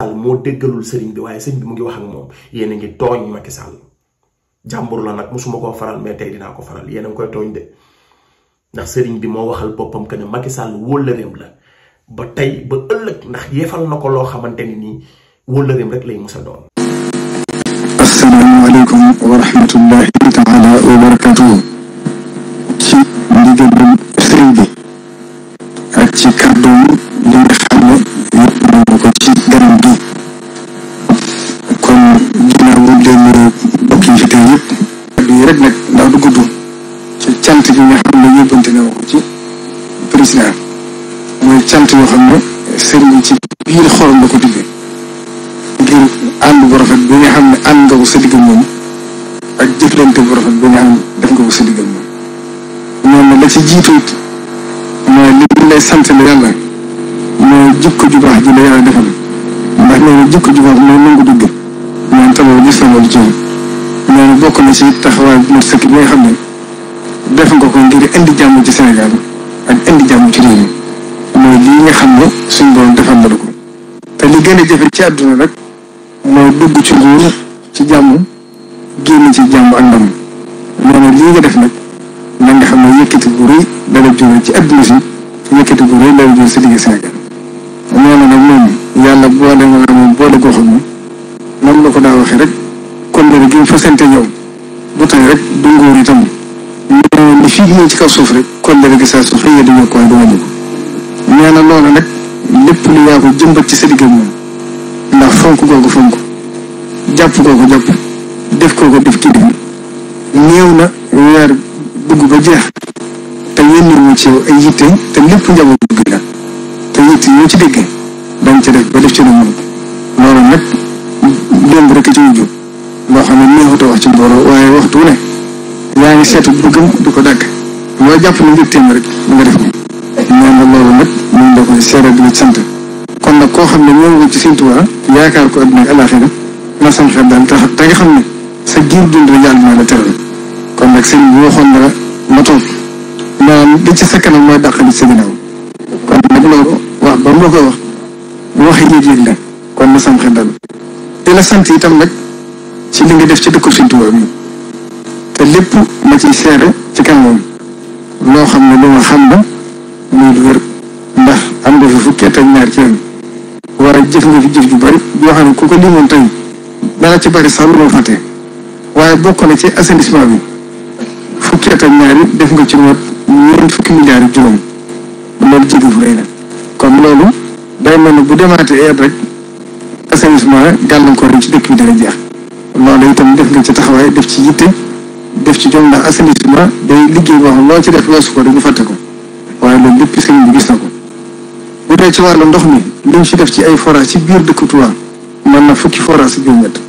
Sall moo déggalul sëriñ bi waaye sëriñ bi mu ngi wax ak moom yéen a ngi tooñ Macky Sall jàmbur la nag mosuma koo faral mais tey dinaa ko faral yéen a koy tooñ de ndax sëriñ bi moo waxal boppam que ne Macky Sall wóllëreem la ba tey ba ëllëg ndax yeefal na ko loo xamante ni nii wóllëreem rek lay musa doon. asalaamaaleykum wa rahmatullahi taala wa cant yoo xam ne sëriñ ci biir xolam la ko diggee ngir ànd bu rafet bi nga xam ne ànd nga ko sa diggal moom ak def nga ko sa la ci jiitu it mooy li ñu lay sant la yàlla mooy jikko ju baax ji la yàlla defal ndax nee na jikko ju baax mooy nangu dugg ñoom tamit gis na loolu bokk na ci taxawaay bu mat sëkk bi nga xam ne def nga ko ngir indi jàmm ci Sénégal ak indi jàmm ci réew mi mooy lii nga xam ne suñ borom defal na ko te li gën a jafe ci àdduna rek mooy dugg ci nguur ci jàmm génn ci jàmm ak ndam loolu lii nga def nag na nga xam ne yëkkati bu rëy dara jóge ci àdduna si yëkkati bu rëy dara jóge si liggéey Sénégal noonu nag moom yàlla boole ma moom boole de xam ne noonu la ko daa waxe rek kon loolu gi mu fasante ñoom bu tey rek du nguur itam ñu ne li fii ñëw ci kaw suuf rek kon loolu gi saa su xëyee dañoo ko du wàññi ko nee na loolu nag lépp lu yaa ko jëmbat ci sa digg moom ndax fonk koo ko fonk jàpp koo ko def koo ko def kii bi néew na weer dugg ba jeex te yéen ci yow te lépp njaboot bi la te yitte yoo ci déggee dañ ci def ba def ci lu moom loolu nag démb rek ci wujju loo xam ne neexut a wax ci mbooloo waaye waxtu ne yaa ngi seetu bëggam di ko dàgg loo jàpp ne njëkk téeméer rek nga def ko nee na loolu nag ñun da koy seere di sant kon nag koo xam ne ñoo nga ci sint Tuubaa yaakaar ko adduna ak alaaxira na sam daal tax te nga xam ne sa giir dund la yàlla na la teral kon nag sëriñ bi ma toog ci sa kanam mooy dàqali sa ginnaaw kon nag loolu la koy wax bu waxee yëg-yëg la kon na sam xel daal di la sant itam nag ci li nga def ci dëkku sint Tuubaa bi te lépp ma ciy seere ci kanamam loo xam ne lu ma xam la muy lu wér ndax am nga fi fukki at ñaar ci ren war jëf nga fi jëf ju bari yoo xam ne ku ko limoon tey dana ci bari sax lu ma fàtte waaye bokk na ci assainissement bi fukki at ak ñaar yi def nga ci lu mat ñeent fukki juróom loolu jigéen fu rëy la kon loolu day mel ne bu demaatee at rek assainissement gàllankoor yi ci dëkk bi dana jeex loolu itam def nga ci taxawaay def ci yitte def ci jom ndax assainissement day liggéey boo xam loo ci def loosu ko dañu fàtte ko waaye loolu lépp sëriñ bi gis na ko bu dee ci wàllu ndox mi liñ ci def ci ay forage ci biir dëkk Touba mën na fukki forage ci biir ñett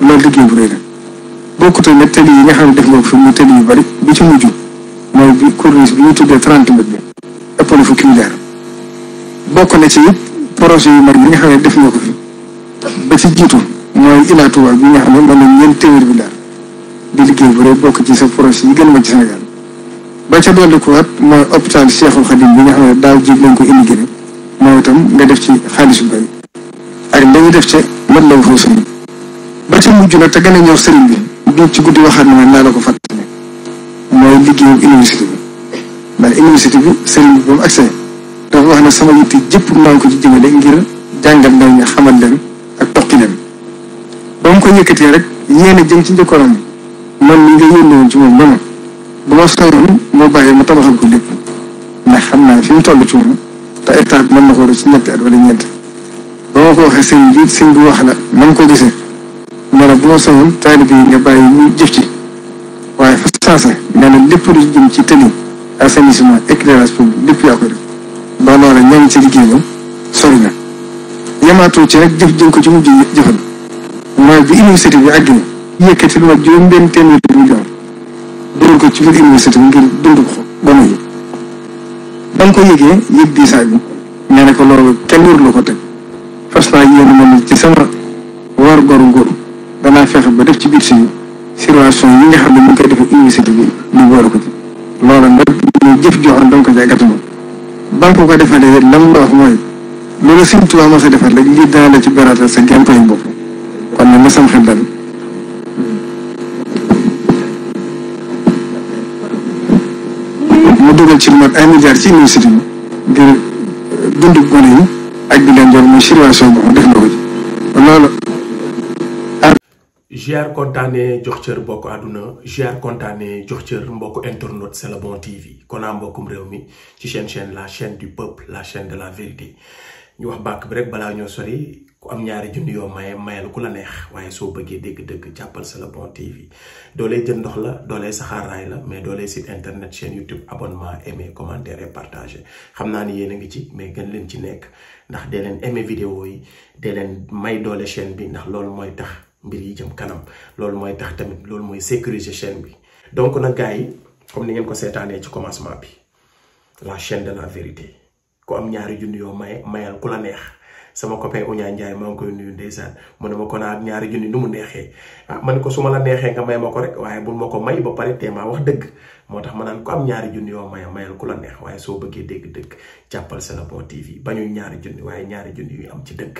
loolu liggéey bu rëy la bokkute ne tali yi nga xam ne def nga ko fi muy bari bi ci mooy bi corniche bi ñu tuddee trente mètres bi ëpp na fukki milliard bokk na ci yëpp projet yu mag yi nga xam ne def nga ko fi ba ci jiitu mooy Ila Touba bi nga xam ne mën na ñeent téeméer milliard di liggéey bu rëy bokk ci sa projet yi gën ma ci Sénégal ba ca dolli ko waat mooy hôpital Cheikhul Khadim bi nga xam ne daaw jig lañ ko immigré moom itam nga def ci xaalis bu bëri ak la ñu def ca mën la waxoo sëriñ ba ca mujj nag te gën a ñor sëriñ bi duug ci guddi waxaat na ma naa la ko fàttali mooy liggéeyu université bi ndax université bi sëriñ bi ba mu accès dafa wax na sama yitte jëpp maa ko ci jëmale ngir jàngal ndaw ñi xamal leen ak toqi leen ba mu ko yëkkatee rek yéen a jëm ci njëkkoonam man mi nga yónni woon ci moom ba bu ma soriwul moo bàyyi ma tabaxal ko lépp ndax xam naa fi mu toll ci moom te état mën na ko war ci ñetti at wala ñeent ba ma ko waxee sëñ bi sëñ bi man ko gisee nee na bu ma soñoon taalib nga bàyyi ñu jëf ci waaye fa saasa nee na lépp lu jëm ci tëli assainissement éclairage public lépp yaa koy def ba loola ñoo ngi ci liggéeyam sori na yamaatoo ci rek jëf jën ko ci mujj jëfal mooy bi université bi àgg na yëkkati lu ma juróom benn téeméeri million dugal ko ci biir université bi ngir dund ko ba mu yëg ba nga ko yëgee yëg di bi nee na ko loolu kenn warul ko teg fas naa yéen man ci sama war goru ngóor danaa fexe ba def ci biir si situation yi nga xam ne mu ngi koy defee université bi ñu boole ko ci loolu nag ñu jëf joxoon danga ko jaay gàtt moom ba nga ko ko defalee lam la wax mooy loolu suñ tubaab ma sa defal rek lii dana la ci beraatal sa gàncax yi bopp kon nag na xel daal dugal ci lu ay milliards ci université bi ngir euh, dund gone yi ak di leen jox mooy situation boobu def na ko ci loolu GR kontaane jox cër mbokk aduna GR kontaane jox cër mbokk internet c'est le bon TV kon naa mbokkum réew mi ci chaîne chaîne la chaîne du peuple la chaîne de la vérité ñu wax bàkk bi rek balaa ñoo sori am ñaari junni yoo maye mayal ku la neex waaye soo bëggee dégg-dëgg jàppal C'est le bon TV doolee jën ndox la doolee saxaaraay la mais doolee site internet chaîne YouTube abonnement aimé commentaire et partagé xam naa ni yéen a ngi ci mais gën leen ci nekk ndax dee leen aimé vidéo yi dee leen may doole chaîne bi ndax loolu mooy tax mbir yi jëm kanam loolu mooy tax tamit loolu mooy sécuriser chaîne bi donc nag gars yi comme ni ngeen ko seetaanee ci commencement bi la chaîne de la vérité ku am ñaari junni yoo maye mayal ku la neex sama copain Ounia Ndiaye maa koy nuyu ndeysaan mu ne ma ko naa ah ñaari junni nu mu neexee ah man ko su ma la neexee nga may ma ko rek waaye bul ma ko may ba pare tee maa wax dëgg moo tax ma naan ko am ñaari junni yoo maya mayal ku la neex waaye soo bëggee dégg dëgg jàppal Sen Bon ba ñu ñaari junni waaye ñaari junni yu am ci dëgg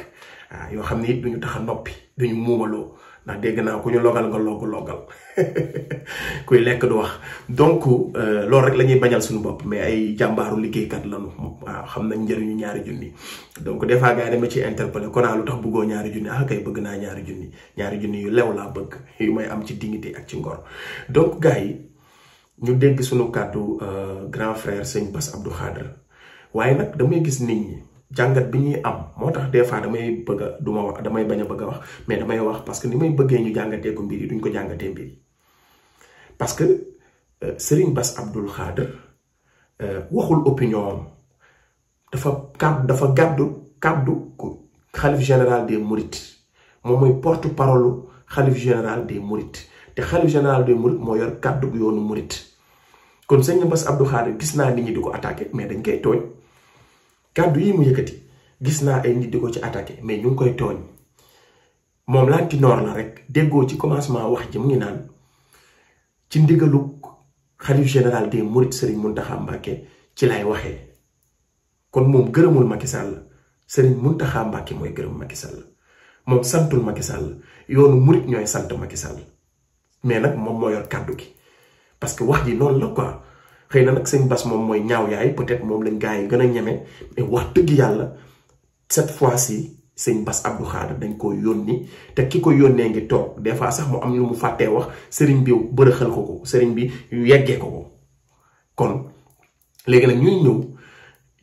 ah yoo xam ne it ñu tax a noppi du duñu muumaloo ndax dégg naa ku ñu logal nga logg loggal kuy lekk du wax donc euh, loolu rek la ñuy bañal suñu bopp mais ay jàmbaaru liggéeykat lañu waaw xam nañ njëriñu ñaari junni donc des fois gars yi dama ci interpellé ko naa lu tax ñaari junni ah bëgg naa ñaari junni ñaari junni yu lew laa bëgg yu may am ci dignité ak ci ngor donc gars yi ñu dégg suñu kàddu euh, grand frère sëñ Bass Abdou Khadre waaye nag damay gis nit ñi jangat bi ñuy am motax des fois damay bëgg duma wax damay baña bëgg wax mais damay wax parce que ni may bëggee ñu jangaté ko mbir yi duñ ko jangaté mbir parce que euh, Serigne Bass Abdoul Khader euh, waxul opinion dafa kàddu dafa gaddu kaddu ko xalif général des Mourides moom moy porte parole xalif général des Mourides te xalif général des Mourides mo yor kaddu yoonu Mouride kon Serigne Bass Abdoul Khader gis na nit ñi diko attaquer mais dañ koy tooñ kaddu yi mu yëkëti gis naa ay nit di ko ci attaqué mais ñu ngi koy tooñ moom lantinoor la rek déggoo ci commencement wax ji mu ngi naan ci ndigalu xalif général des mourides Serigne Mountakha Mbacké ci lay waxee kon moom gërëmul Macky Sall Serigne mooy gërëm Macky Sall moom santul Macky Sall yoonu murit ñooy sant Macky Sall mais nag moom moo yor kàddu gi parce que wax ji noonu la quoi xëy na nag sëñ Bas moom mooy ñaaw yaay peut-être moom lañ gaa yi gën a ñeme wax dëgg yàlla cette fois-ci sëñ Bas Abdou Khadre dañ koo yónni te ki ko yónnee ngi toog des fois sax mu am lu mu fàttee wax sëriñ bi bërëxal ko ko sëriñ bi yeggee ko ko kon léegi nag ñuy ñëw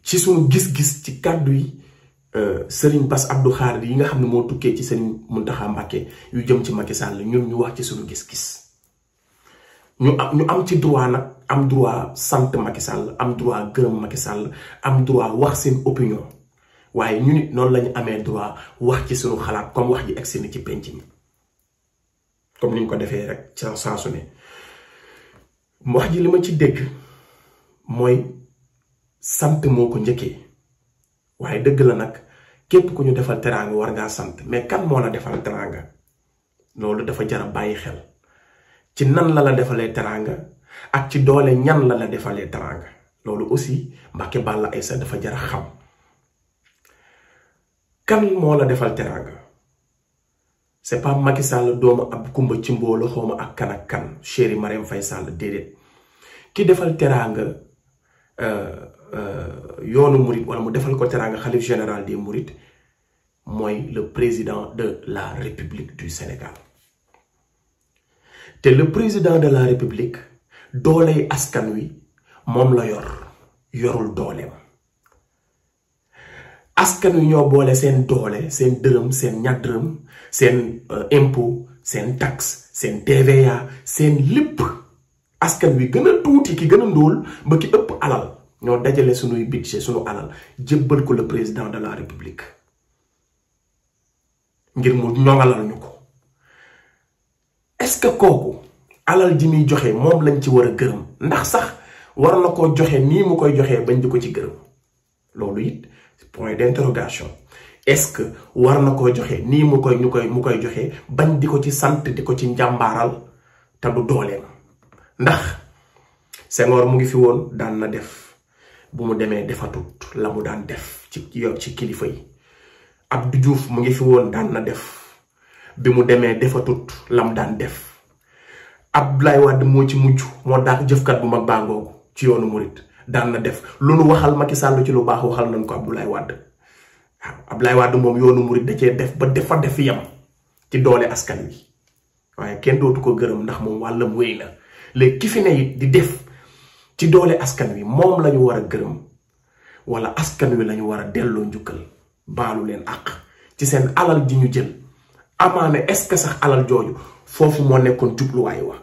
ci suñu gis-gis ci kàddu yi euh, sëriñ Bass Abdou Khadre yi nga xam ne moo tukkee ci sëriñ Mountakha Mbacké yu jëm ci Macky Sall ñu ñu wax ci suñu gis-gis ñu am ñu am ci droit nag am droit sant Macky Sall am droit gërëm Macky Sall am droit wax seen opinion waaye ñu nit noonu lañu amee droit wax ci suñu xalaat comme wax ji egsi na ci penc comme ni ko defee rek ca saa su wax ji li ma ci dégg mooy sant moo ko njëkkee waaye dëgg la nag képp ku ñu defal teraanga war ngaa sant mais kan moo la defal teraanga loolu dafa jar bàyyi xel ci nan la la defalee teraanga ak ci doole ñan la la defalee teranga loolu aussi Mbàkke Balla Aysa dafa jar a xam kan moo la defal teranga c'est pas Macky Sall doomu ab kumba ci mbolo xooma ak kan ak kan chéri Marème Faye Sall déedéet ki defal euh, euh yoonu mourid wala mu defal ko teranga général des mourides moy le président de la république du Sénégal te le président de la république dooley askan wi moom la yor yorul dooleem askan wi ñoo boole seen doole seen dërëm seen ñaar seen euh, impôt seen taxe seen TVA seen lépp askan wi gën a tuuti ki gën a ndóol ba ki ëpp alal ñoo dajale sunuy budget sunu alal jébbal ko le président de la république ngir mu ñoŋalal ñu ko est kooku. alal ji muy joxe moom lañ ci war a gërëm ndax sax war na koo joxe nii mu koy joxee bañ di ko ci gërëm loolu it point d'interrogation est-ce que war na koo joxe nii mu koy ñu koy mu koy joxe bañ di ko ci sant di ko ci njàmbaaral te du dooleem ndax Senghor mu ngi fi woon daan na def bu mu demee defatut la mu daan def ci yo ci kilifa yi Abdou Diouf mu ngi fi woon daan na def bi mu demee defatut la mu daan def ab Abdoulaye Wade moo ci mujj moo daan jëfkat bu mag bàngoogu ci yoonu murit daan na def lu nu waxal Macky Sall ci lu baax waxal nañ ko lay Wade ab lay Wade moom yoonu murit da cee def ba defa def yem ci doole askan wi waaye kenn dootu ko gërëm ndax moom wàllam wéy na léegi ki fi ne di def ci doole askan wi moom la war a gërëm wala askan wi lañu war a delloo njukkal baalu leen àq ci seen alal ji ñu jël amaana est-ce que sax alal jooju foofu moo nekkoon jubluwaay wa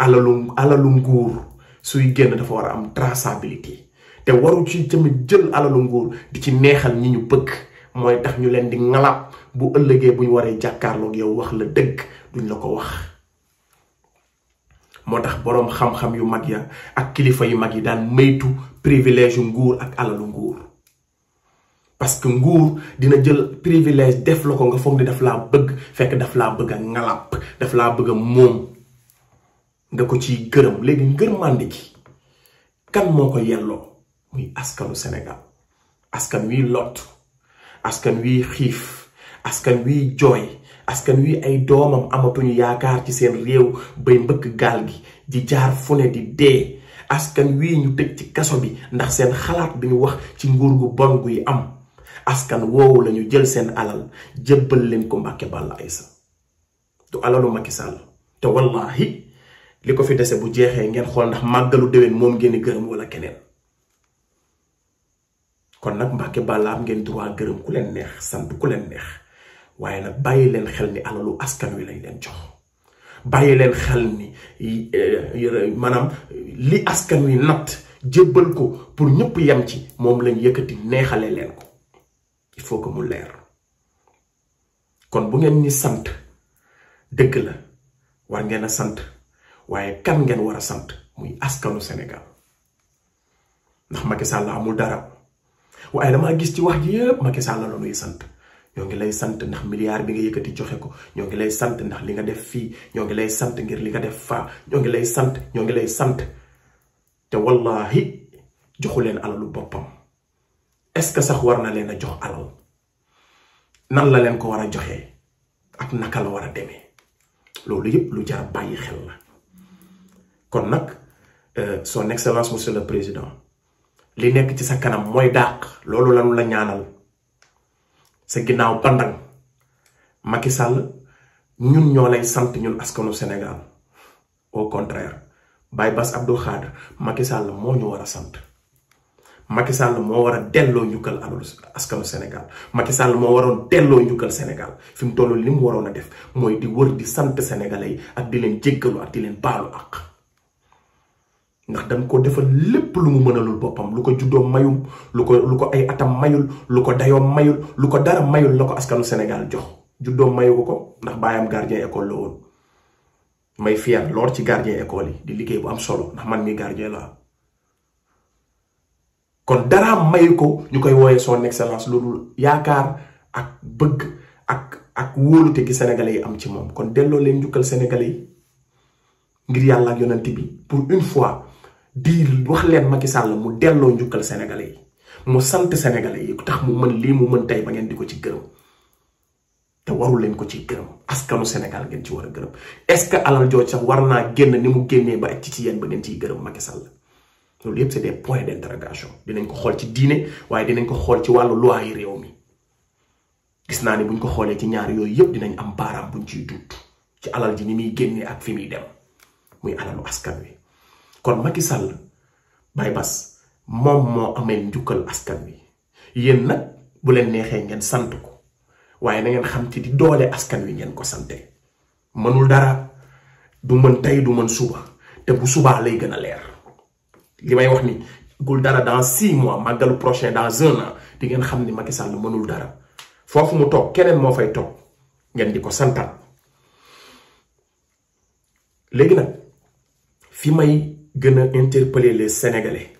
alalu alalu nguur suy génn dafa am um, traçabilité te waru ci tamit jël alalu nguur di ci neexal ñi ñu bëgg mooy tax ñu leen di bu ëllëgee buñ waree jàkkaarloog yow wax la dëgg duñ la ko wax moo tax boroom xam-xam yu mag ya ak kilifa yu mag yi daan maytu privilège nguur ak alalu nguur parce que nguur dina jël privilège def la ko nga foog ni daf laa bëgg fekk daf laa bëgg daf bëgg nga ko ci gërëm léegi ngërmande gi kan moo ko yelloo muy askanu sénégal askan wi lot askan wi xiif askan wi joy askan wi ay doomam amatuñu yaakaar ci seen réew bay mbëkk gaal gi di jaar fu di dee askan wi ñu tëj ci kaso bi ndax seen xalaat bi ñu wax ci nguur gu bon guy am askan woowu lañu jël seen alal jébbal leen ko mbàkke bàll aysa du alalu Macky Sall te wallahi Liko ko fi dese bu jéxé ngeen xol ndax magalu déwén mom ngeen gërëm wala keneen kon nak mbàkke bàlla am ngeen droit gërëm ku len neex sant ku len neex waaye nak bàyyi len xel ni alalu askan wi lay len jox bàyyi len xel ni eh, manam li askan wi nat jébbal ko pour ñëpp yam ci mom lañ yëkëti neexalé len ko il faut que mu lèr kon bu ngeen ni sant deug la war ngeen sant waye kan ngeen wara sante muy askanu Sénégal ndax Macky Sall amul dara waye dama gis ci wax ji yëpp Macky Sall la nuy sante ñoo ngi lay sante ndax milliard bi nga yëkëti joxe ko ñoo ngi lay sante ndax li nga def fi ñoo ngi lay sante ngir li nga def fa ñoo ngi lay sante ñoo ngi lay sante te wallahi joxu len alalu bopam est-ce sax war na len jox alal nan la len ko wara joxé ak naka la wara démé lolu loolu yëpp lu jar bàyyi xel la. kon nak eh, son excellence monsieur le président li nek ci sa kanam moy dak lolou lanu la ñaanal sa ginaaw pandang Macky Sall ñun ñoo lay sant ñun askanu Sénégal au contraire bay Bass Abdou Khadre Macky Sall mo ñu wara sant Macky Sall mo wara dello ñukal njukkal askanu Sénégal Macky Sall mo waron dello ñukal Sénégal fim tollu lim warona def moy di wër di sant sénégalais ak di leen jéggalu ak di leen balu ak ndax dañ ko defal mana lu mu meunalul bopam lu ko juddo mayum lu ko lu ko ay atam mayul lu ko dayo mayul lu ko dara mayul la askanu Senegal jox juddo mayu ko ndax bayam gardien école lo won may fiat lor ci gardien école yi di bu am solo ndax man mi gardien la kon dara mayu ko ñukay woyé son excellence loolu yaakar, ak bëgg ak ak wolute gi sénégalais yi am ci mom kon delloo leen ñukal sénégalais yi ngir yalla ak yonenti bi pour une fois di wax len Macky Sall mu delloo njukkal sénégalais yi mu sante sénégalais yi tax mu mën li mu mën tay ba ngeen diko ko ci gërëm té waru len ko ci gërëm askanu sénégal ngeen ci wara gërëm est ce alal jooj sax warna genn ni mu genné ba ci ci yeen ba ngeen ci gërëm Macky Sall loolu yépp c'est des points d'interrogation dinañ ko xol ci diiné waye dinañ ko xol ci walu loi yi réew mi gis na ni buñ ko xolé ci ñaar yoy yépp dinañ am buñ ci dut ci alal ji ni mi genné ak fi mi dem muy alalu askan wi kon Macky Sall Baye Bass moom moo amee njukkal askan wi yéen nag bu leen neexee ngeen sant ko waaye na ngeen xam ci di doole askan wi ngeen ko sante mënul dara du mën tey du mën suba te bu subaa lay gën a leer li may wax ni gul dara dans six mois màggalu prochain dans un an di ngeen xam ni Macky Sall mënul dara foofu mu toog keneen moo fay toog ngeen di ko santal léegi nag fi may gëna interpeller les sénégalais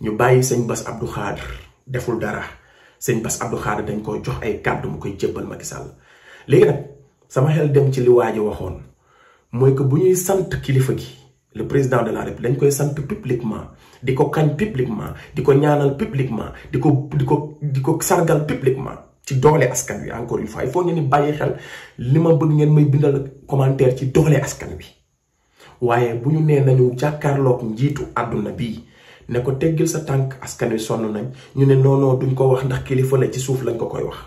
ñu bayyi seigne Bass Abdou Khadre deful dara seigne Bass Abdou Khadre dañ ko jox ay cadeau mu koy jébbal Macky Sall légui nak sama xel dem ci li waji ji waxoon mooy que bu ñuy kilifa gi le président de la république dañ koy sante publiquement diko kañ publiquement diko ñaanal publiquement diko diko diko sargal publiquement ci doole askan wi encore une fois il faut ñu ni bayyi xel lima bëgg ngeen may bindal commentaire ci doole askan wi waaye bu ñu nee nañu jàkkaarloog njiitu àdduna bii ne ko teggil sa tànk askan wi sonn nañ ñu ne noonoo duñ ko wax ndax kilifa la ci suuf lañ ko koy wax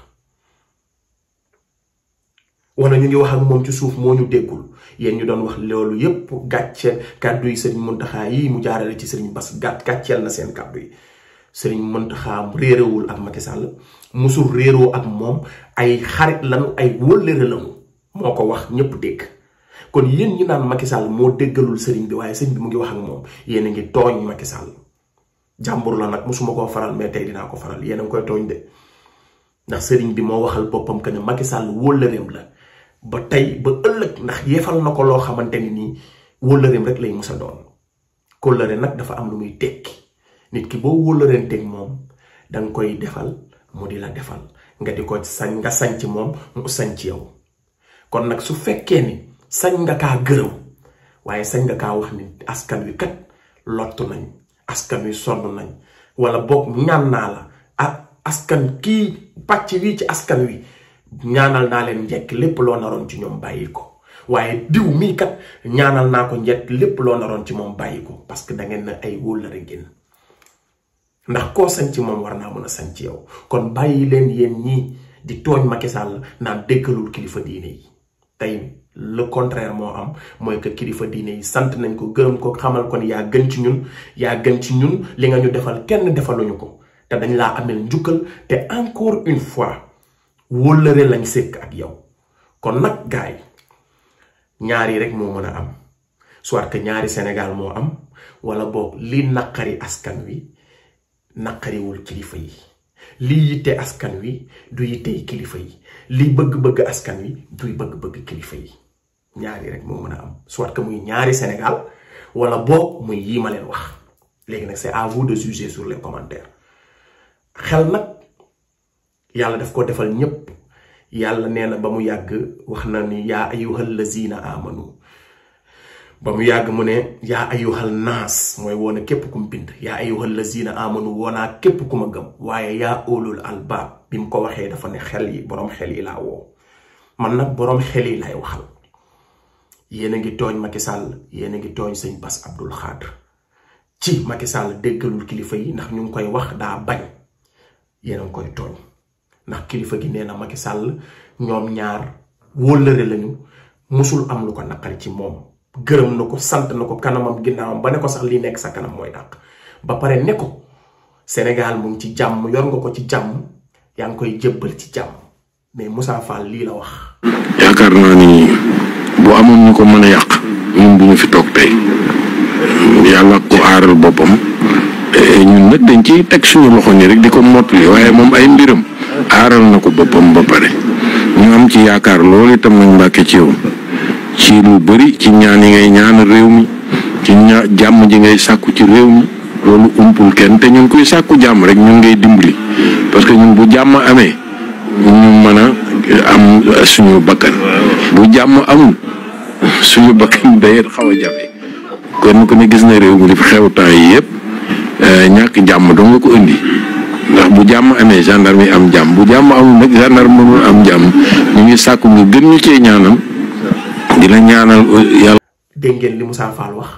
wala ñu ngi wax moom ci suuf moo ñu déggul yéen ñu doon wax loolu yépp gàcce kàddu yi sëriñ Muntaxa yi mu jaarale ci sëriñ Bass gàtt gàcceel na seen kàddu yi sëriñ Muntaxa réerewul ak Macky Sall musul réeroo ak moom ay xarit lanu ay wëllëre lanu moo ko wax ñépp dégg kon yéen ñi naan Macky Sall moo déggalul sëriñ bi waaye sëriñ bi mu ngi wax ak moom yéen a ngi tooñ Macky Sall jàmbur la nag musuma koo faral mais tey dinaa ko faral yéen a ngi koy tooñ de ndax sëriñ bi moo waxal boppam que ne Macky Sall wóllëreem la ba tey ba ëllëg ndax yeefal na ko loo xamante ni nii wóllëreem rek lay musa doon kóllëre nag dafa am lu muy tekki nit ki boo wóllëreenteeg moom danga koy defal mu di la defal nga di ko sañ nga sañ ci moom mu sañ ci yow sañ nga kaa gërëm waaye sañ nga kaa wax ni askan wi kat lottu nañ askan wi sonn nañ wala boog ñaan naa la ah, askan kii pàcc wii ci askan wi ñaanal naa leen njekk lépp loo naroon ci bàyyi ko waaye diw kat ñaanal naa ko njekk lépp loo naroon ci moom bàyyi ko parce que da ngeen na ay wóllëre génn ndax koo sañ ci moom war naa mën a sañ ci yow kon bàyyi leen yéen ñii di tooñ Macky Sall naan déggalul kilifa diine yi le contraire moo am mooy que kilifa diine yi sant nañ ko gërëm ko xamal ko ni yaa gën ci ñun yaa gën ci ñun li nga ñu defal kenn defaluñu ko te dañ laa amel njukkal te encore une fois wóllëre lañ sékk ak yow kon nag gaay ñaar rek moo mën a am soit que ñaari Sénégal moo am wala boog li naqari askan wi naqariwul kilifa yi lii yitte askan wi du yittey kilifa yi lii bëgg-bëgg askan wi duy bëgg-bëgg kilifa yi ñaari rek moo mën a am soit que muy ñaari Sénégal wala boog muy yii ma leen wax léegi nag c'est à vous de juger sur les commentaires xel nag yàlla daf ko defal ñépp yàlla nee na ba mu yàgg wax na ni yaa ayyuhal lazina amanu ba mu yàgg mu ne yaa ayyuhal naas mooy wone képp ku mu bind yaa ayyuhal lazina amanu woonaa képp ku ma gëm waaye yaa óolul albaab bi mu ko waxee dafa ne xel yi boroom xel yi laa woo man nag boroom xel yi lay waxal yene ngi tooñ Macky Sall yene ngi tooñ sëñ Bass Abdoul Khadr ci Macky Sall déggalul kilifa yi ndax ñu ngi koy wax daa bañ yene ngi koy tooñ ndax kilifa gi nee na Macky Sall ñoom ñaar wóllëre lañu musul am lu ko naqari ci moom gërëm na ko sant na ko kanamam ginnaawam ba ne ko sax li nekk sa kanam mooy dàq ba pare ne ko Sénégal mu ngi ci jàmm yor nga ko ci jàmm yaa ngi koy jébbal ci jàmm mais Moussa Fall lii la wax. yakarna ni. moom ñu ko mën a yàq ñun bu ñu fi toog tey yàlla ko aaral boppam eh, ñun nag dañ ci teg suñu loxo ni rek di ko yi waaye moom ay mbiram aaral na ko boppam ba pare ñu am ci yaakaar loolu itam nañ mbàkke ci yow ci bëri ci ñaan ngay ñaan réew mi ci ña jàmm ji ngay sàkku ci réew mi loolu umpul kenn te ñun kuy sàkku jàmm rek ñun ngay dimbali parce que ñun bu jàmm amee ñu mën a am suñu bakkan bu jàmm amul suñu bakkan day xaw a jafe kon gis na réew mi li fi yi yëpp eh, ñàkk jàmm doo nga ko indi bu jàmm amee gendarme yi am jàmm bu jàmm amul am jàmm ñu ngi sàkku nga ñu cee ñaanal la ñaanal euh, yàlla. dégg ngeen li Moussa Fall wax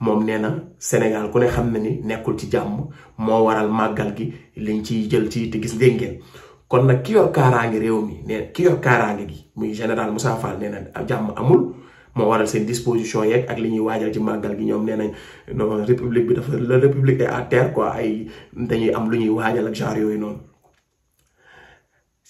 moom nee na Sénégal ku xam na ni nekkul ci jàmm moo waral màggal gi liñ ciy jël ci te gis dégg nag ki yor kaaraange réew mi nee ki yor kaaraange gi muy général Moussa Fall nee jàmm amul. moo waral seen disposition yeeg ak li ñuy waajal ci màggal gi ñoom nee nañ non république bi dafa la république est ko ay dañuy am lu ñuy waajal ak genre yooyu noonu.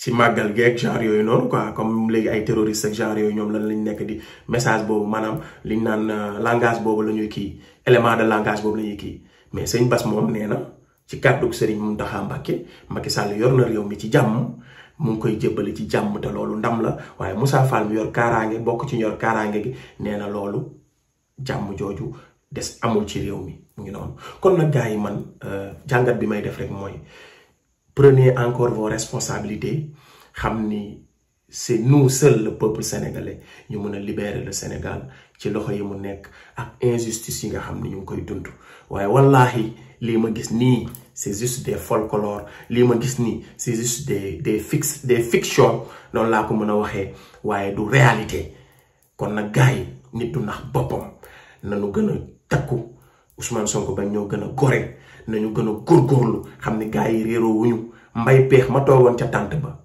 si màggal geeg genre yooyu noonu quoi comme léegi ay terroristes ak genre yooyu ñoom lan lañ nekk di message boobu maanaam liñ naan euh, langage boobu la ñuy kii élément de langage boobu la ñuy kii mais sëñ Bass moom nee na ci kàddu Serigne Mountakha Mbacké Macky Sall yor na réew mi ci jàmm. mu ngi koy jébbale ci jàmm te loolu ndam la waaye Moussa Fall mi yor kaaraange bokk ci ñor kaaraange gi nee na loolu jàmm jooju des amul ci réew mi ngi noonu. kon nag gars yi man euh, jàngat bi may def rek mooy prenez encore vos responsabilités xam ni c'est nous seuls le peuple sénégalais ñu mën a libérer le Sénégal ci loxo yi mu nekk ak injustice yi nga xam ni ñu ngi koy dund waaye wallaahi lii ma gis nii. c'est juste des folklore lii ma gis nii c'est juste des des fix des fiction noonu laa ko mën a waxee waaye du réalité kon nag gars yi nit du nax boppam nanu gën a takku Ousmane Sonko ba ñoo gën a gore nañu gën a góorgóorlu xam ne gars yi réeroo wuñu mbay peex ma toogoon ca tànt ba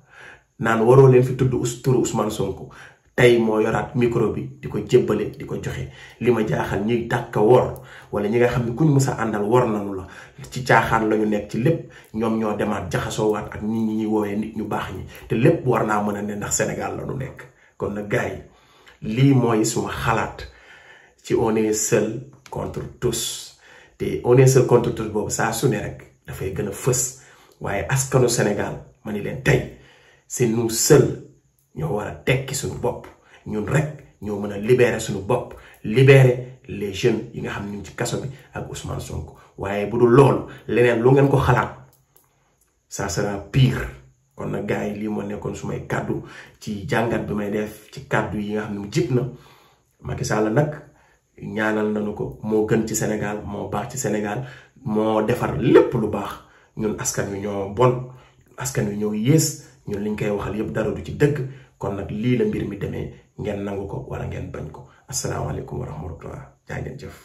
naan waroo leen fi tudd turu Ousmane Sonko tey moo yoraat micro bi di ko jébbale di ko joxe li ma jaaxal ñuy dàkka wor wala ñi nga xam ne kuñ mës a àndal wor nañu la ci caaxaan la ñu nekk ci lépp ñoom ñoo demaat jaxasoowaat ak nit ñi ñuy woowee nit ñu baax ñi te lépp war naa mën a ne ndax Sénégal la nekk kon nag gars yi lii mooy suma xalaat ci on est seul contre tous te on est seul contre tous boobu saa su ne rek dafay gën a fës waaye askanu Sénégal ma ni leen tey c'est nous seuls ñoo war a tekki suñu bopp ñun rek ñoo mën a libérer suñu bopp libérer les jeunes yi nga xam ci kasso bi ak Ousmane Sonko waaye bu dul loolu leneen lu ngeen ko xalaat ça sera pire kon nag gars yi lii moo nekkoon sumay kàddu ci jàngat bi may def ci kàddu yi nga xam ne jib na Macky Sall nag ñaanal nañu ko moo gën ci Sénégal moo baax ci Sénégal moo defar lépp lu baax ñun askan wi ñoo bon askan wi ñoo yées ñun liñ koy waxal yépp dara du ci dëgg kon nag lii la mbir mi demee ngeen nangu ko wala ngeen bañ ko asalaamaaleykum wa rahmatullah jaa ngeen jëf